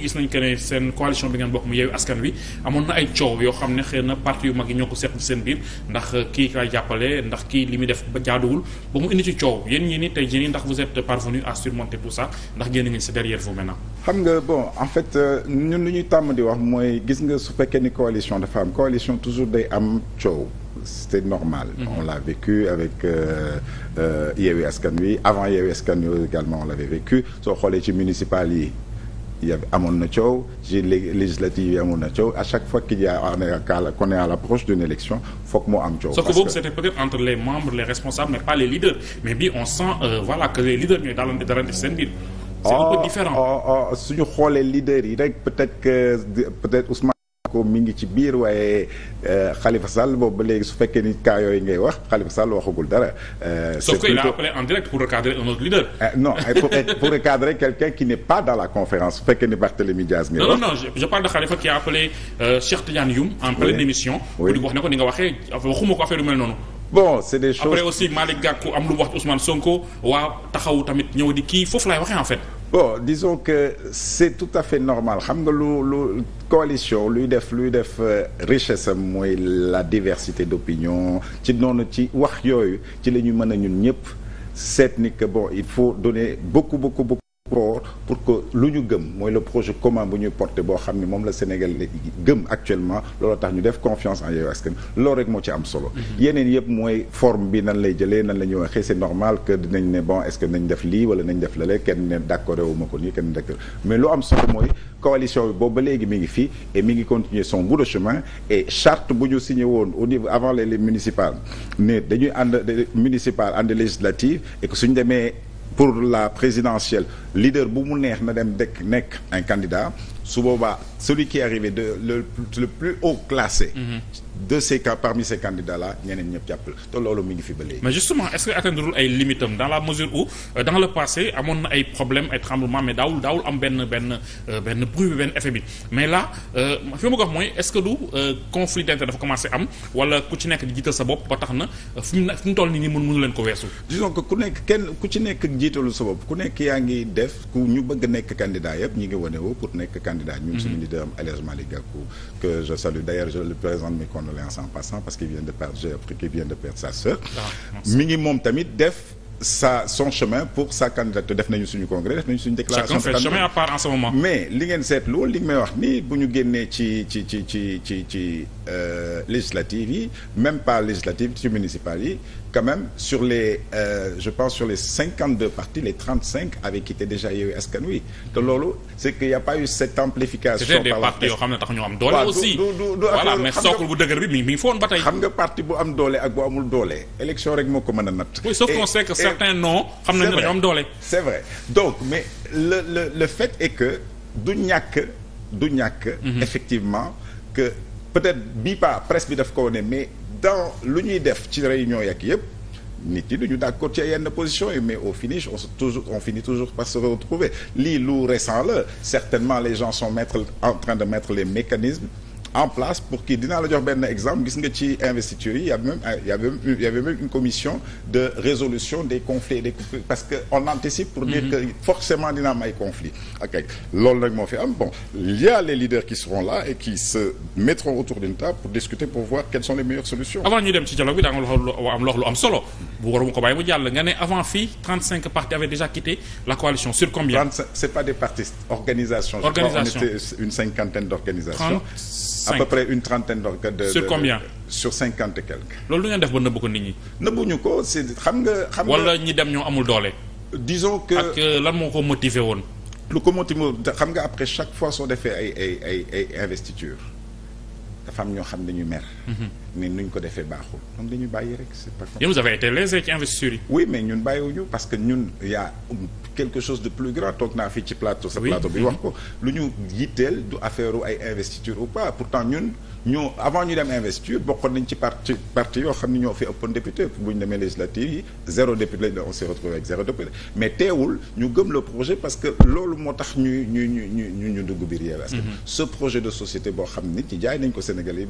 gis nañ que seen coalition bi ngeen bokk mu yeewu askan wi amoon na ay yoo xam ne xëy na parti yu mag yi ñoo ko seq ci seen biir ndax kii kay jàppale kii li muy def ba jaaduwul ba mu indi ci coow yéen ñi ni tey jii ndax vous êtes parvenu à surmonter tout ça ndax génn ngeen si derrière vous nga bon en fait euh, ñun lu ñuy tàmm di wax mooy gis nga su fekkee ni coalition dafa am coalition toujours day am coow. c'était normal mm -hmm. on l'a vécu avec euh, euh, Yewwi Askan Wi avant Yewwi Askan Wi également on l'avait vécu soo xoolee ci municipal yi y avait amoon na législative yi amoon na chaque fois qu'il y a on est à l'approche d'une élection foog moo am coow. parce que c'était peut-être entre les membres les responsables mais pas les leaders mais on sent euh, voilà que les leaders ñooy daalante darante seen c'est un peu oh, différent. Oh, oh, suñu xoolee leaders yi peut-être que ko mi ngi ci biir waaye euh, Khalifa Sall boobu ba léegi su fekkee ni cas yooyu ngay wax Khalifa Sall waxagul dara. Euh, c'est plutôt il a appelé en direct pour recadrer un autre leader. Euh, non pour recadrer quelqu'un qui n'est pas dans la conférence su fekkee ni Barthélémy Diaz ngay wax. non non je parle de Khalifa qui a appelé Cheikh Tidiane Youm en pleine émission. oui di wax ne ko ni nga waxee waxuma ko affaire yu mel noonu. bon c'est des choses après aussi Malick Gakou am lu wax Ousmane Sonko di kii foofu laay waxee bon disons que c'est tout à fait normal xam nga lu lu coalition luy def luy def euh, richesse am mooy la diversité d'opinion ci noonu ci wax yooyu ci la ñu mën a ñun ñëpp seet ni que bon il faut donner beaucoup beaucoup beaucoup pour que lu ñu gëm mooy le projet commun bu ñu porté boo xam ne moom la Sénégal gëm actuellement looloo tax ñu def confiance en Yewwi Askan loolu rek moo ci am solo mhm. yeneen yëpp mooy forme bi nan lay jëlee nan la ñuy waxee c'est normal que dinañ ne bon est-ce que nañ def lii wala nañ def lale kenn ne d'accord wu ma ko nii kenn d'accord mais lu am solo mooy coalition boobu léegi mi ngi fii et mi ngi continuer son bout de chemin et charte bu ñu signé woon au niveau avant les municipales ne dañuy ànd municipal ànd législative et que suñ demee pour la présidentielle leader bu mu neex na dem dekk nekk un candidat su boobaa celui qui est arrivé de le, le plus haut classé mm -hmm. de ces cas parmi ces candidats là ñeneen ñëpp jàpp la te loolu mi ngi fi ba léegi. mais justement est ce que atteindre ay limites am dans la mesure où euh, dans le passé amoon na ay problèmes ay tremblements mais daawul daawul am benn benn euh, bruit bi benn effet mais là euh, fi ma ko mooy est ce que du conflit d'intérêt dafa commencé am wala ku ci nekk jiital sa bopp ba tax na fi mu fi mu toll nii nii mën mënu leen ko weesu. disons ku nekk kenn ku ci nekk jiitalu sa bopp ku nekk yaa ngi def ku ñu bëgg nekk candidat yëpp ñi ngi wane woo pour nekk candidat. ñun suñu mhm. leader am condoléances en passant parce qu'il vient de perdre j'ai appris qu'il vient de perdre sa sœur ah, mi ngi moom tamit def sa son chemin pour sa candidature def nañu suñu congrès def nañu suñu déclaration de candidature chemin à en ce moment. mais li ngeen seetlu li nga wax ni bu ñu génnee ci ci ci ci ci ci euh, législative yi même pas législative ci municipal yi quand même sur les euh, je pense sur les cinquante deux partis les trente cinq avaient quitté déjà Yewwi Askan Wi te loolu c' est que y' a pas eu cette amplification. par des partis yoo xam ne tax ñu am doole. aussi du du du voilà mais socle bu dëgër ba tey. xam nga parti bu am doole ak bu amul doole élection rek moo ko mën a natt. certains xam nañ ne am doole c'est vrai donc mais le le le fait est que du ñàkk du ñàkk mhm. effectivement que peut-être bii pas presse bi daf ko mais dans lu ñuy def ci réunion yak yëpp nit yi duñu d'accord ci yenn position yi mais au finish on se toujours finit toujours par se retrouver lii lu récent la certainement les gens sont mettre en train de mettre les mécanismes en place pour kii dinaa la jox benn exemple gis nga ci investiture yi y' a même y' avait y' avait même une commission de résolution des conflits des parce que on anticipe pour dire mhm. que forcément dina am conflits ok loolu nag moo fi am bon il y a les leaders qui seront là et qui se mettront autour d'une table pour discuter pour voir quelles sont les meilleures solutions. avant ñu dem ci dialogue avaient déjà quitté la coalition sur combien. 35 c'est à peu près une trentaine de. sur combien sur cinquante et loolu lu ngeen def ba nëbbu ko nit ñi. nëbbuñu ko c'est xam nga. xam nga wala ñi dem ñoo amul doole. disons que ak euh, lan moo ko motiver woon. lu ko motiver woon xam nga après chaque fois soo defee ay ay ay ay investiture dafa am ñoo xam ne ñu mer. Mm-hmm. ni nuñ ko defee baaxul ñoom dañuy bàyyi rek c'est pas. yéen vous avez été lésé ci investiture yi. parce que ñun y a quelque chose de plus grand toog naa fii ci plateau. sa plateau bi wax ko lu ñu yitteel du affaire ay investiture ou pas pourtant ñun ñu avant ñu dem investiture bokkoon nañ ci parti parti yoo xam ne ñoo fi ëppoon député bu ñu demee législative yi zéro député lañ on s'est retrouvé avec zéro député mais teewul ñu gëm le projet parce que loolu moo tax ñu ñu ñu ñu ñu dugg biir Yewwi mm-hmm. projet de société boo xam ni ci jaay nañ ko Sénégalais